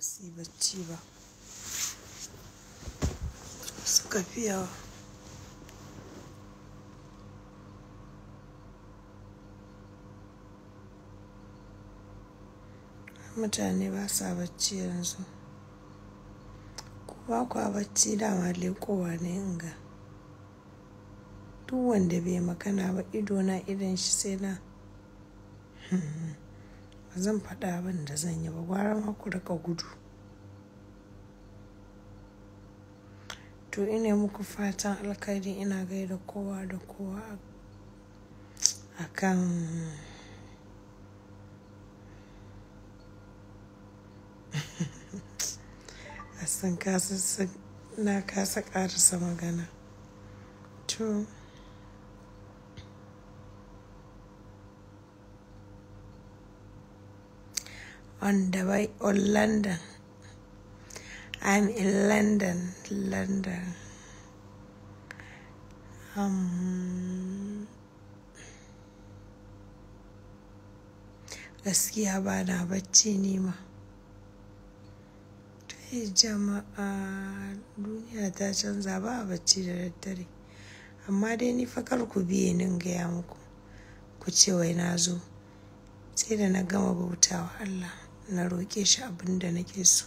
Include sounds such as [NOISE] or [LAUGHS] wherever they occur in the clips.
ba bacci ba suka fiya mutane ba sa bacci yanzu Ku ba kwa bacci dama lekowa ne inga duk wanda bai magana ba idona idan shi sai na [LAUGHS] ba zan faɗa abin da zan yi ba gwara ma ku rika gudu to ina muku fatan alkhairi ina gaida kowa da kowa kan [LAUGHS] a san na kasa ƙarasa magana to on the way or London. I'm in London, London. Um, gaskiya ba na bacci ni ma. jama'a duniya ta canza ba a bacci da daddare. Amma dai ni fa kar ku biye nin gaya muku, ku ce wai na zo, sai da na gama bautawa Allah. na roƙe shi abin da nake so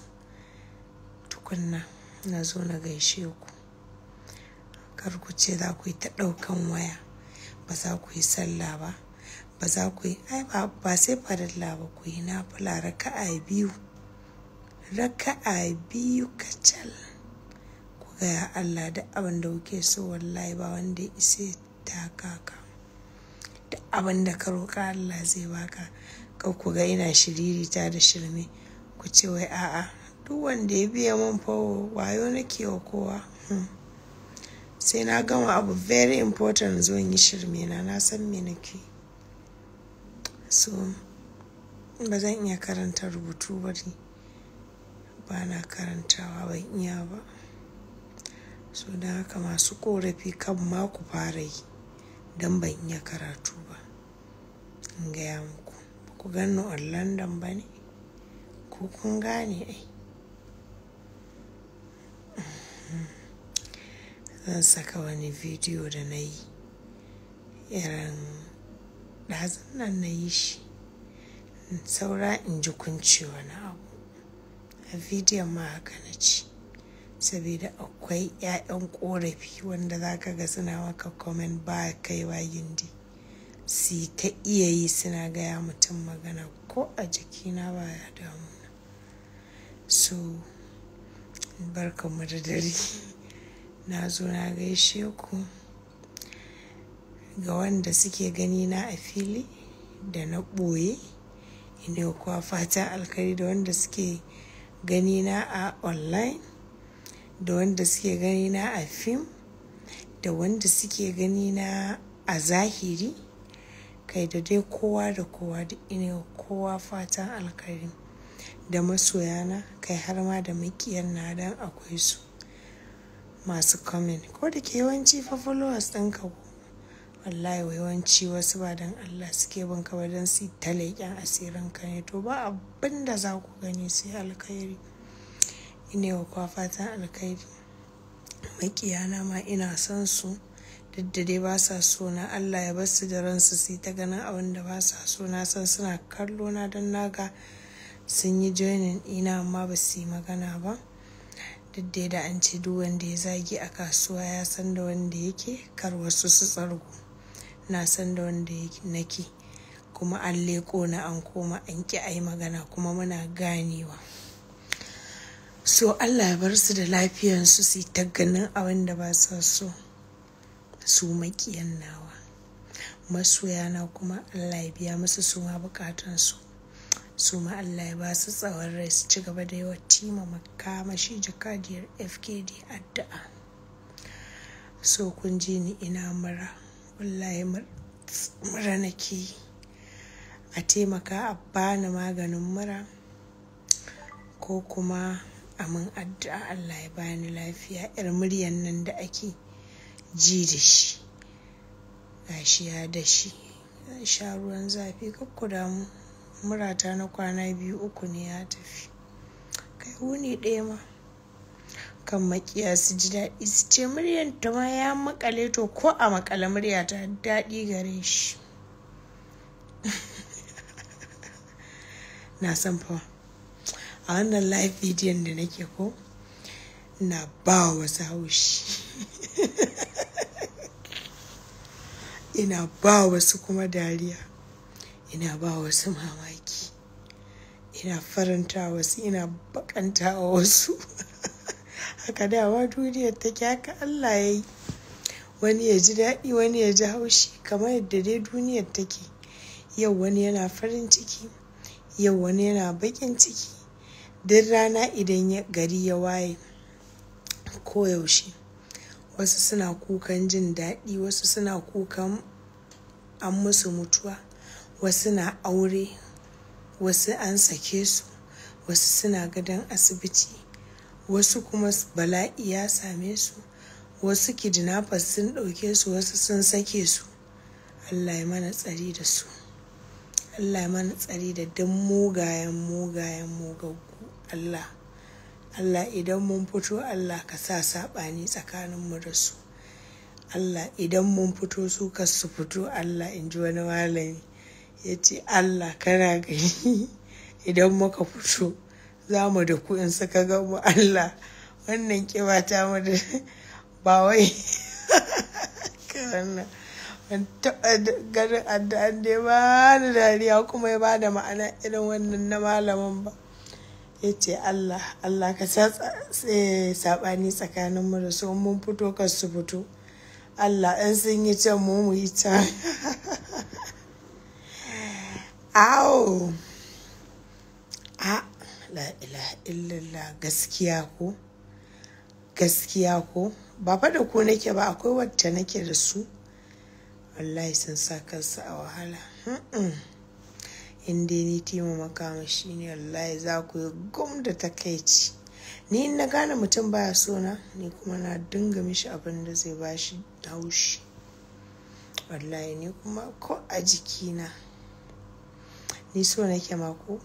tukunna na zo na gaishe ku kar ku ce za ku yi ta ɗaukan waya ba za ku yi sallah ba ba za ku yi ai ba sai fadalla ba ku yi na fula raka'a biyu raka'a biyu kacal ku gaya Allah da abin da kuke so wallahi ba wanda ya isa ta kaka da abin da ka roƙa Allah zai baka kar ku ga ina ta da shirme ku ce wai a'a duk wanda ya biya man fawo wayo nake wa kowa hmm. sai na gama abu very important zo yi shirme na na san me nake so ba zan iya karanta rubutu ba ne ba na karantawa ban iya ba so da haka masu korafi kan ma ku fara yi don ban iya karatu ba in gaya muku ku gano a london ba ne ko kun gane ai zan saka wani bidiyo da na yi irin ɗazin nan na yi shi saura in ji kunci wani abu a bidiyon ma haka na ci saboda akwai 'ya'yan korafi wanda za ka ga suna maka comment ba kaiwa gindi. su ta iya yi suna gaya mutum magana ko a jikina ba ya damuna so barkanmu da dare [LAUGHS] na zo na gaishe ku ga wanda suke gani na a fili da na ɓoye ina kuwa fata alkari da wanda suke gani na a online da wanda suke gani na a fim da wanda suke gani na a zahiri kai da dai kowa da kowa da ina kowa fatan alkhairi da masoyana kai har ma da makiyan na dan akwai su masu kamin ko da ke yawanci fa followers ɗinka wallahi yawanci wasu ba dan Allah suke bin ka ba dan su ta leƙen asirin ka ne to ba abin da za ku gani sai alkhairi ina kowa kwa fatan alkhairi makiyana ma ina son su duk da dai ba sa so na Allah ya bar su da ransu su ta ganin abin da ba sa so na san suna kallo na don naga sun yi joinin ina amma ba su yi magana ba duk da da an ce duk wanda ya zagi a kasuwa ya san da wanda yake kar wasu su tsargu na san da wanda nake kuma an leko na an koma an ki a magana kuma muna ganewa so allah ya bar su da lafiyansu su yi ta ganin abin da ba sa so su maƙiyan nawa na kuma allah ya biya musu suma ma su su ma allah ya ba su tsawon rai su ci gaba da yawa tima makamashi jakadiyar fkd addu'a so kun ji ni ina mura wallahi mura nake a taimaka a bani maganin mura ko kuma amin addu'a allah ya bani lafiya 'yar muryan nan da ake ji da shi shi ya dashi sha ruwan zafi kakku damu murata na kwana biyu uku ne ya tafi kai wuni ɗaya ma kan makiya su ji daɗi su ce muryan ta ma ya makale to ko a makale murya ta daɗi gare shi [LAUGHS] na san fa a wannan live bidiyon da nake ko na ba wasu haushi [LAUGHS] ina ba wasu kuma dariya ina ba wasu mamaki ina faranta wasu ina bakanta wasu [LAUGHS] haka dawa duniyar ta haka Allah ya yi wani ya ji daɗi wani ya ji haushi kamar yadda dai duniyar take yau wani yana farin ciki yau wani yana baƙin ciki duk rana idan gari ya waye koyaushe wasu suna kukan jin daɗi wasu suna kukan an musu mutuwa wasu na aure wasu an sake su wasu suna gadon asibiti wasu kuma bala'i ya same su wasu kidnappers sun ɗauke su wasu sun sake su allah ya mana tsari da su allah ya mana tsari da dan mugayen mugayen mugaggu allah Allah idan mun fito Allah ka sa saɓani tsakaninmu da su Allah idan mun fito su ka su fito Allah in ji wani malami ya ce Allah kana gani [LAUGHS] idan muka fito za mu da ku in suka mu. Allah wannan kiba ta mu da [LAUGHS] ba wai [LAUGHS] ganin addu'an da ya ba da dariya kuma ya ba da ma'ana irin wannan na malamin ba ya ce Allah Allah ka sa eh, saɓani tsakanin mu da su mun fito ka su fito Allah ɗan sun yi can mu mu yi can awo [LAUGHS] a la illallah gaskiya ko gaskiya ko ba fa da ku nake ba akwai wacce nake da su wallahi sun sa kansu a wahala in dai ni taimaka ne wallahi za ku yi gum da takaici ni in na gane mutum baya so na ni kuma na dinga mishi abin da zai ba shi haushi wallahi ni kuma ko a jikina ni so nake mako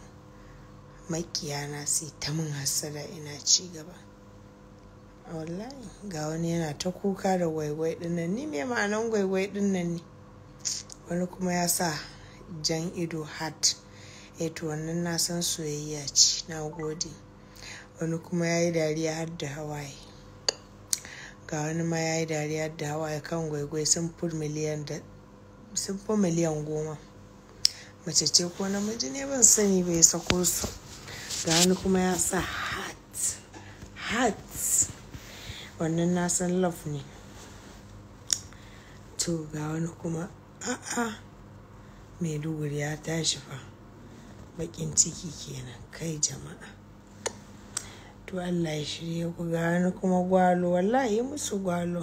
makiyana sai ta min hassada ina ci gaba wallahi ga wani yana ta kuka da waiwai dinnan ni me ma'anan waiwai dinnan ne wani kuma ya sa jan ido hat eto eh wannan na san soyayya ce na gode wani kuma ya yi dariya har da hawaye ga wani ma ya yi dariya da hawaye kan gwaigwai sun fi miliyan goma mace ce ko namiji ne ban sani bai sako su ga wani kuma ya sa hat hat wannan na san love ne to ga wani kuma a'a maiduguri ya tashi fa bakin ciki kenan kai jama'a to allah ya shirya ku gani kuma gwalo wallahi musu gwalo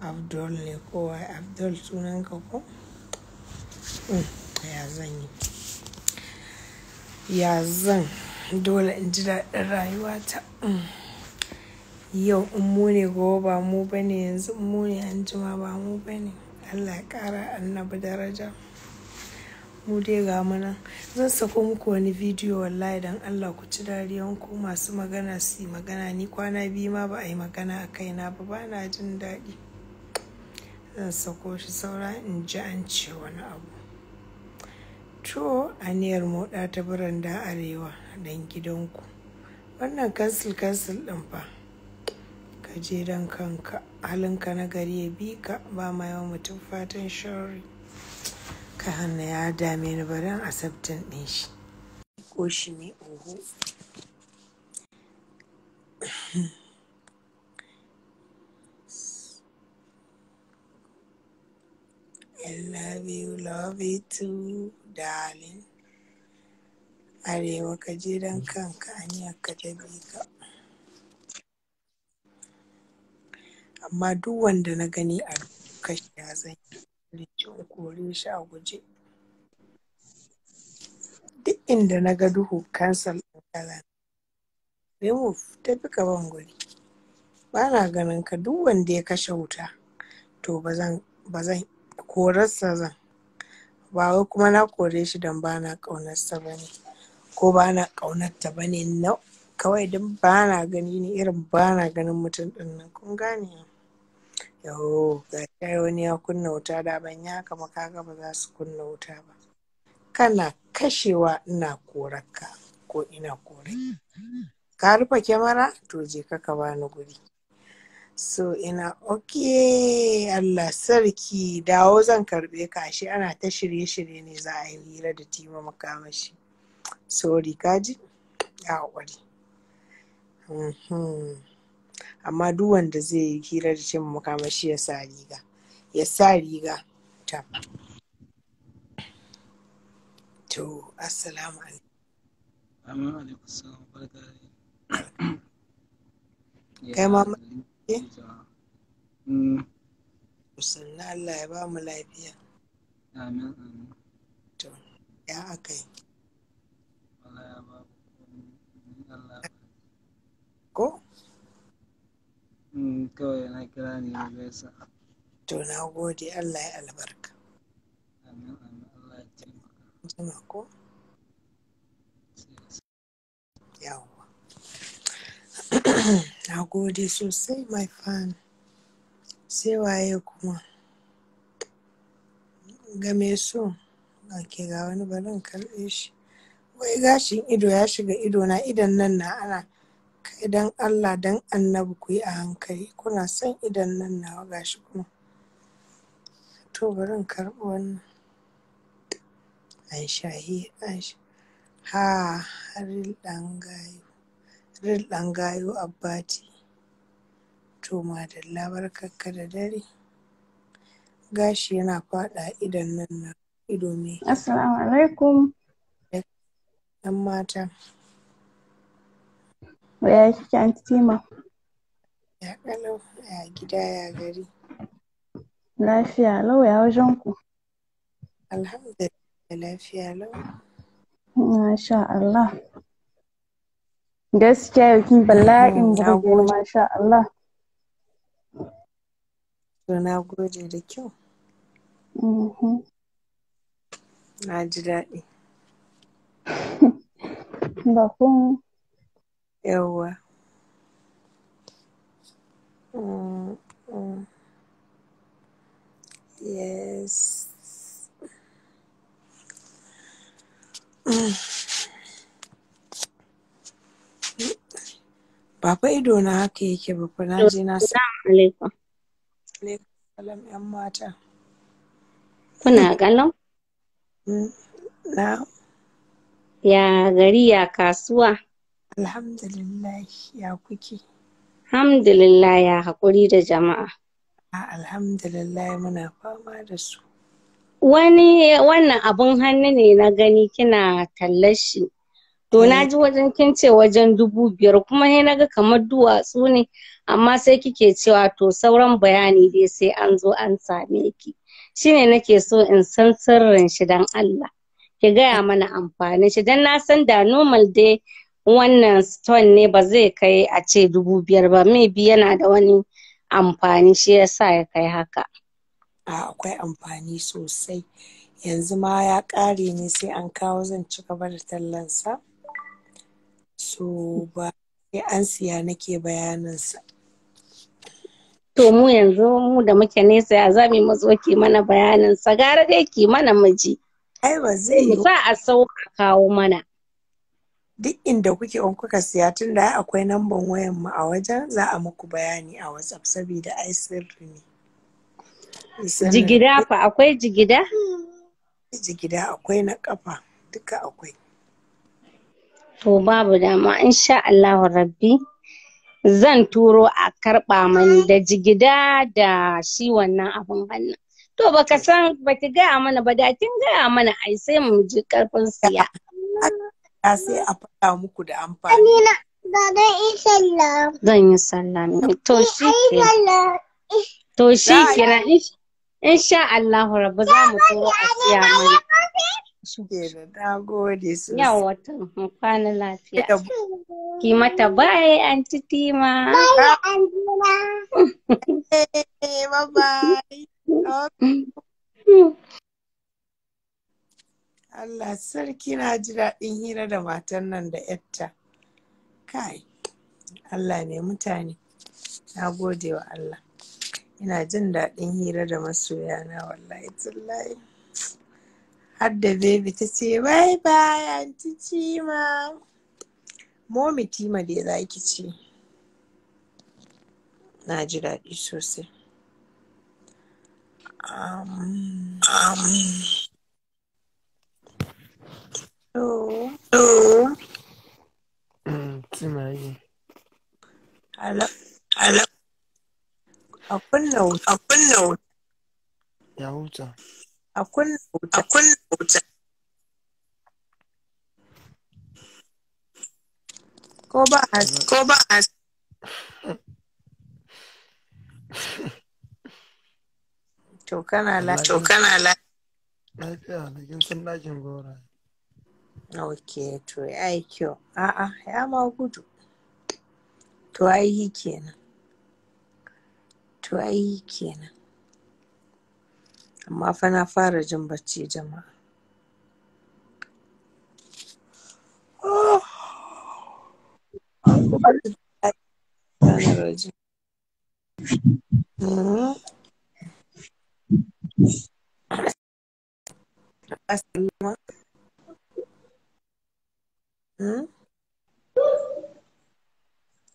abdul ne kowa abdul sunanka ko hmm, ya zan yi ya zan dole in ji daɗin ta. Hmm. yau in mu ne gobe ba mu bane yanzu mu ne an ba mu bane allah ya ƙara annabi daraja mu dai ga mana zan sako muku wani bidiyo wallahi dan Allah ku ci dariyan ku masu magana su magana ni kwana biyu ma ba a yi magana a kaina ba ba na jin daɗi zan sako shi saura in ji an ce wani abu to aniyar moɗa ta biranda arewa dan gidanku wannan kansil kansil ɗin fa ka je dan kanka halinka na gari ya bi ka ba ma yawan mutum fatan shari'a ka ya dame ni bari a sabtin ɗin shi ko shi ne oho I love you, love you too, darling. Arewa ka je kanka hanyar ka ta ka. Amma duk wanda na gani a kashi ya zanyi. cikin kore sha guje duk inda na ga duhu cancel ɗin kala remove tafi ka ban guri ba na ganin ka duk wanda ya kashe wuta to ba zan korarsa zan ba wai kuma na kore shi don ba na ƙaunarsa ba ne ko ba na ƙaunarta ba ne kawai don ba na gani ne irin ba na ganin mutum ɗin nan kun gane yau ga kai wani ya kunna wuta da ban ya haka kaga ba za su kunna wuta ba kana kashewa ina korarka ko ina korai ka rufe kyamara to je ka ka bani guri so ina okay, allah sarki dawo zan karbe ka shi ana ta shirye-shirye ne za a yi hira da tima makamashi sorry kaji ya wari mm -hmm. amma duk wanda zai yi hira da cin makamashi ya sa riga ya sa riga ta to assalamu alaikum [COUGHS] kai ma musanna eh? mm. Allah ya ba mu lafiya to ya akai ko ne kawai na kira ne ya gaisa. To na gode Allah ya albarka. Amin amin Allah ya taimaka. ko? Yawwa. [CLEARS THROAT] na gode sosai my fan. Sai waye kuma. Ga me so? Ake ga wani barin karɓe shi. Wai gashin ido ya shiga ido na idan nan na ana. Idan Allah don annabi ku yi a hankali kuna son idan nan nawa gashi kuma to bari karɓi wannan Aisha hi Aisha ha haril ɗan gayo haril ɗan gayo abbati to madalla barkarka da dare gashi yana faɗa idan nan na ido me assalamu alaikum 'yan mata Ya kike anti Tima? Ya kalau ya gida ya gari. Lafiya lau ya wajen ku. Alhamdulillah lafiya lau. Masha Allah. Gaskiya yau kin bala'in burge masha Allah. To na gode da kyau. Mm-hmm. Na ji daɗi. [LAUGHS] Ba kuma. yawwa yes mm, mm. ba ido na haka yake ba ku na je na sa yan mata kuna galau mm, na ya gari ya kasuwa Alhamdulillah ya kuke. Alhamdulillah ya haƙuri da jama'a. Alhamdulillah muna fama da su. Wani wannan abun hannu ne na gani kina tallar shi. To na eh. ji wajen kin ce wajen dubu biyar kuma ne naga kamar duwatsu ne amma sai kike cewa to sauran bayani dai sai an zo an same ki. Shine nake so in san sirrin shi dan Allah. Ki gaya mana amfanin shi dan na san da normal dai wannan stone ne ba zai kai a ce dubu biyar ba maybe yana da wani amfani shi yasa ya kai haka a akwai amfani sosai yanzu ma ya ƙare ne sai an kawo zan ci gaba da tallansa so ba sai an siya nake bayaninsa to mu yanzu mu da muke nesa ya zami matso ke mana bayanin sa gara dai ki mana miji ai ba zai yi sa a sauka kawo mana duk inda kuke on kuka siya tun da akwai namban wayan mu a wajen za a muku bayani a whatsapp saboda ai sirri ne jigida fa akwai jigida jigida akwai na kafa duka akwai to babu dama insha Allah rabbi zan turo a karɓa mani da jigida da shi wannan abin hannu. to baka san baki gaya mana ba da kin gaya mana ai sai mu ji karfin siya [LAUGHS] Ya sai a faɗa muku da amfani. Zan yi sallah. Eh, to shi ke. To shi kira. in sha Allah rabu za mu turo a siya mai. Na gode sosai. Yawa tun kwana lafiya. Ki mata bye anti Tima. Bye anti Tima. [LAUGHS] Bye bye. [LAUGHS] Allah sarki na ji daɗin hira da matan nan da yatta. Kai, Allah ne mutane, na gode wa Allah. Ina jin daɗin hira da masoya na wallahi tallahi. Har da baby ta ce, bye bye, anti ma!" Momi Tima dai za ki ce. Na ji daɗi sosai. Um, um. Hello. Hello. học Xin mời. Hello. Hello. Open note. Open note. Yauza. Open note. Open note. Cô bà, dạ. cô bà. Chokana la, chokana la. Lafiya da kin san dakin rồi. ok to ya kyau a'a ya ma gudu to ai kenan to ai kenan amma fa na fara jin bacci jama'a oh. hmm? Hmm?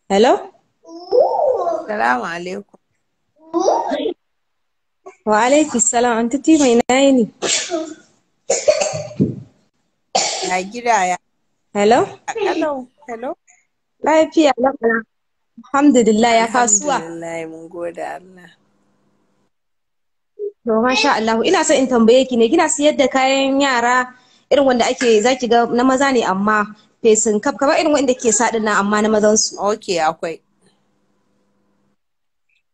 Hello? Salamu alaikum. Wa alaiki salam, an tuti mai nayi ne. Na gida ya. Hello? Hello, hello. Lafiya lafiya. Alhamdulillah ya kasuwa. Alhamdulillah mun gode Allah. To masha Allah, ina so in tambaye ki ne, kina siyar da kayan yara irin wanda ake zaki ga na maza ne amma fesin kaf kamar irin wanda ke sa dinnan amma na mazan su okay akwai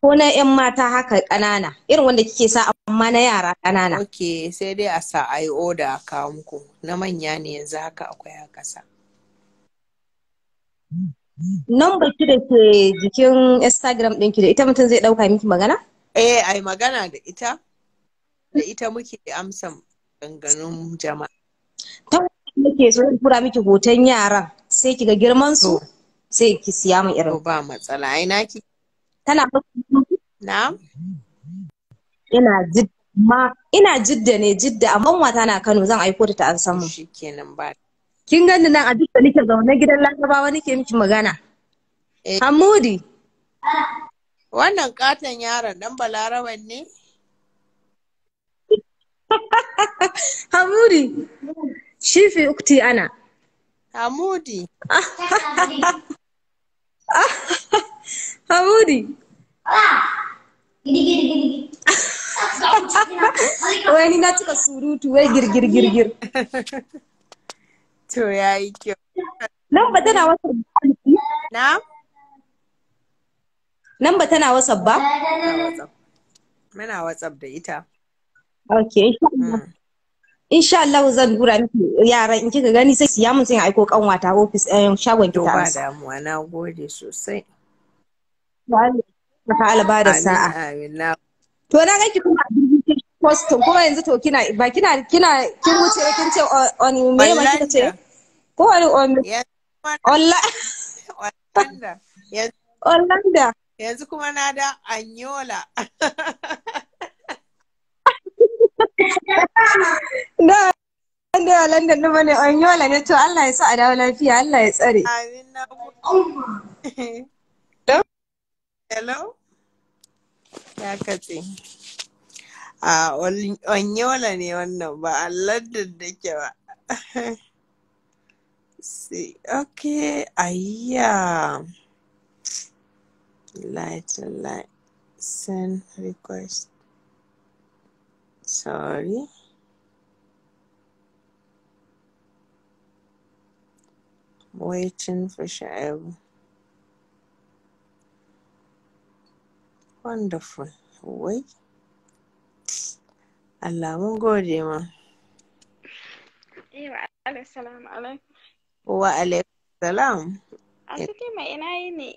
ko na yan mata haka kanana, irin wanda kike sa amma na yara ƙanana okay sai dai a sa ai order ka muku na manya ne yanzu haka akwai a kasa Number ki da ke jikin Instagram ɗinki da ita mutum zai ɗauka miki magana? Eh, ai magana da ita. Da ita muke amsa ganganun jama'a. kike so in tura miki hoton yaran sai kiga girman su sai ki siya mu. irin ba matsala ai ki tana na'am ina jid ma ina jidda ne jidda amma wata na Kano zan aiko ta an samu shikenan ba kin gani nan a duk da nake zaune gidan Larabawa nake miki magana eh. Hamudi wannan katon yaron dan Balarawan ne [LAUGHS] Hamudi شوفي أختي أنا Hamudi. [LAUGHS] Hamudi. [LAUGHS] wani na cika surutu wai girgir girgir [LAUGHS] to ya yi kyau nan ba tana wasa ba. na nan ba tana wasa ba muna wasa da ita okay mm. insha Allah zan gura miki yaran in kika gani sai siya mun sai aiko kanwata office eh, ɗayan shagon ki ta ba damuwa na gode sosai Ba ta ba da sa'a to na ganki kuma post ko yanzu to kina ba kina kina kin wuce kin ce on me ma kika ce ko wani on Allah Allah yanzu kuma na da Anyola [LAUGHS] da da walan da numa ne on yola ne to Allah ya sa a dawo lafiya Allah ya tsare amin na hello hello ya kace a onyola ne wannan ba Allah da ke ba see okay ayya light light send request sorry waiting for Sha'ib. Wonderful. Wai. Allah mun gode ma. Eh, wa alaikum salam. A cikin mai ina yi ne.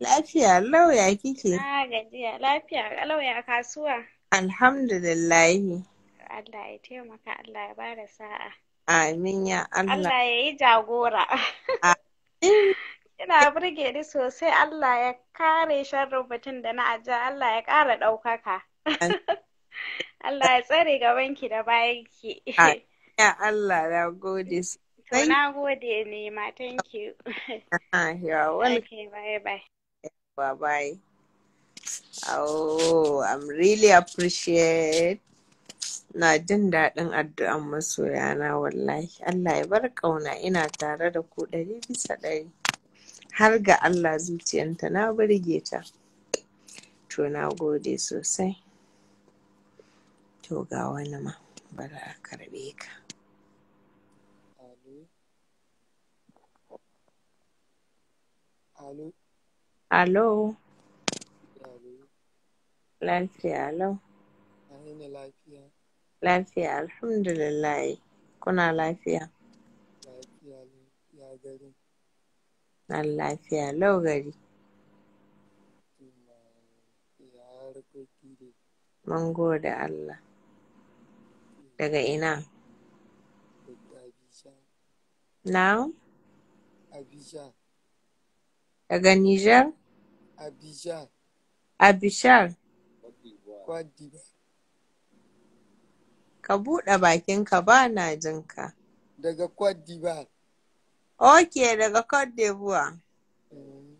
Lafiya lauya kike. Na gajiya lafiya lauya kasuwa. Alhamdulillahi. Allah ya taimaka Allah ya bada sa'a. Amin ya Allah. Allah ya yi jagora. Ina burge ni sosai Allah ya kare sharrin mutum da na aja Allah ya ƙara ɗaukaka. Allah ya tsare gaban ki da bayan bayanki. Ya Allah ya gode. To na gode ne ma thank you. Ah, you're welcome. Okay, bye bye. Bye bye. Oh, I'm really appreciate. Na jin daɗin addu'an masoya na wallahi. Allah ya bar ƙauna ina tare da ku ɗari bisa ɗari. Har ga Allah zuciyanta na burge ta. To na gode sosai. To ga wani ma bari a karɓe ka. Alo. Alo. Lafiya lau. Amina lafiya. Lafiya alhamdulillah. Kuna lafiya? Lafiya ya gari. Na lafiya lau gari. Mun gode Allah. Daga ina? Na? Abidjan. Daga Nijar? Abidjan. Abishar. Cote d'Ivoire. Ka buɗe bakinka ba na jinka. Daga kwaddi ba. Ok, daga kwaddi d'Ivoire. Mm.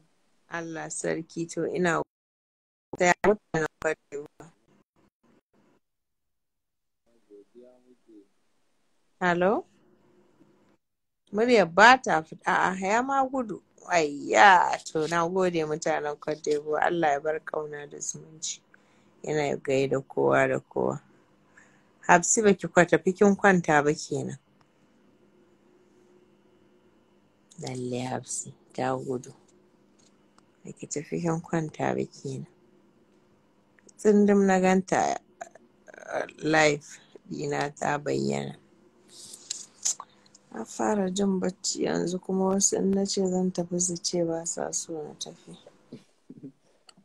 Allah sarki to ina ta ya mutanen Cote d'Ivoire. Hello? Muryar ba ta fita a haya ma gudu. Ayya, to na gode mutanen Cote d'Ivoire. Allah ya bar kauna da zumunci. yana gaida kowa da kowa hafsi baki kwata fikin kwanta ba kenan lalle hafsi ta gudu baki ta fikin kwanta ba kenan tsindim na ganta live dina ta bayyana na fara jin bacci yanzu kuma wasu in na ce zan tafi su ce ba sa so na tafi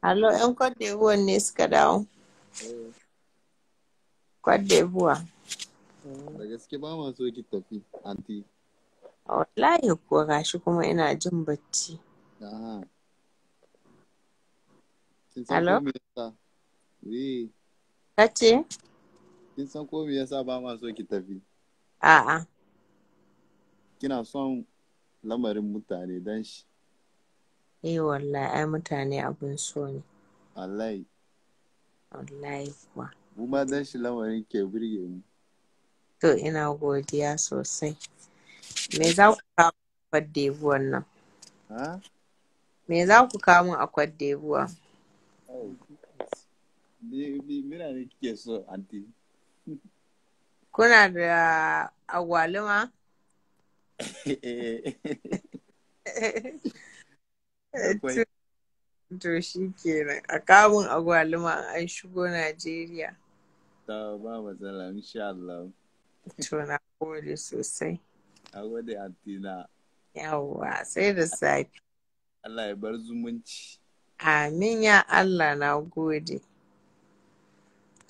Allo, ‘yan Cote ne suka dawo. Cote Da gaske ba ma so ki tafi, anti. kuwa gashi kuma ina jin bacci. Allo? Kin san ko me yasa ba ma so ki tafi? A'a. Kina son lamarin mutane don shi. Eh wallahi ai mutane abin so ne. Wallahi. Wallahi kuwa. Mu ma dan shi lamarin ke birge mu. To ina godiya sosai. Me za ku kawo Cote d'Ivoire nan? Ha? Me za ku kawo a Cote d'Ivoire? Mira ne kike so, anti. Kuna da agwaluma? [LAUGHS] Eh. [LAUGHS] Eh, to shi kenan a kawun agwaluma an shigo Najeriya. Ta ba matsala insha Allah. To na gode sosai. A gode antina. Yawwa sai da safe. Allah ya bar zumunci. Amin ya Allah na gode.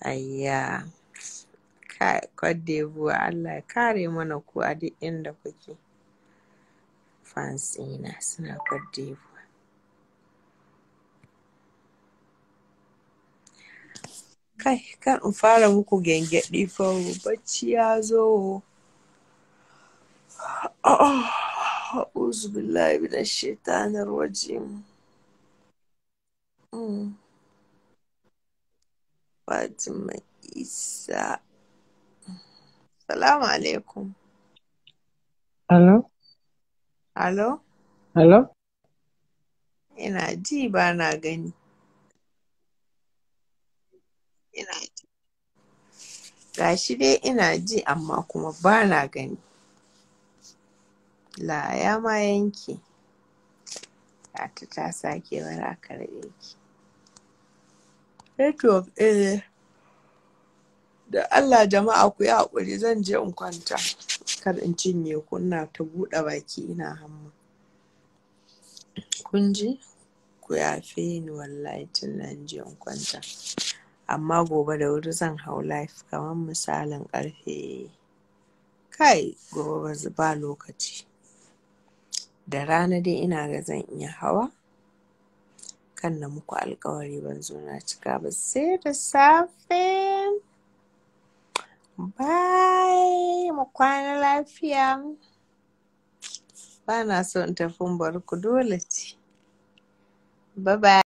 Ayya. buwa Allah ya kare mana ku a duk inda kuke. Fansina suna buwa. kai kan in fara muku gengedi fa bacci ya zo billahi shaitanir rajim hmm. Fatima Isa Salamu alaikum Hello Hello Hello Ina ji ba na gani ina ji gashi dai ina ji amma kuma ba na gani la ya ma yanke ta ta sake bara karɓe ki network ne. Eh, da Allah jama'a ku yi haƙuri zan je in kwanta kar in cinye kunna ta buɗe baki ina hamma kun ji ku yafe ni wallahi tun nan je in kwanta amma gobe da wuri zan hau life kamar misalin karfe kai gobe ba lokaci da rana dai ina ga zan iya hawa kan na muku alkawari ban zo na cika ba sai da safe bye mu kwana lafiya ba na son in tafi barku dole ce bye bye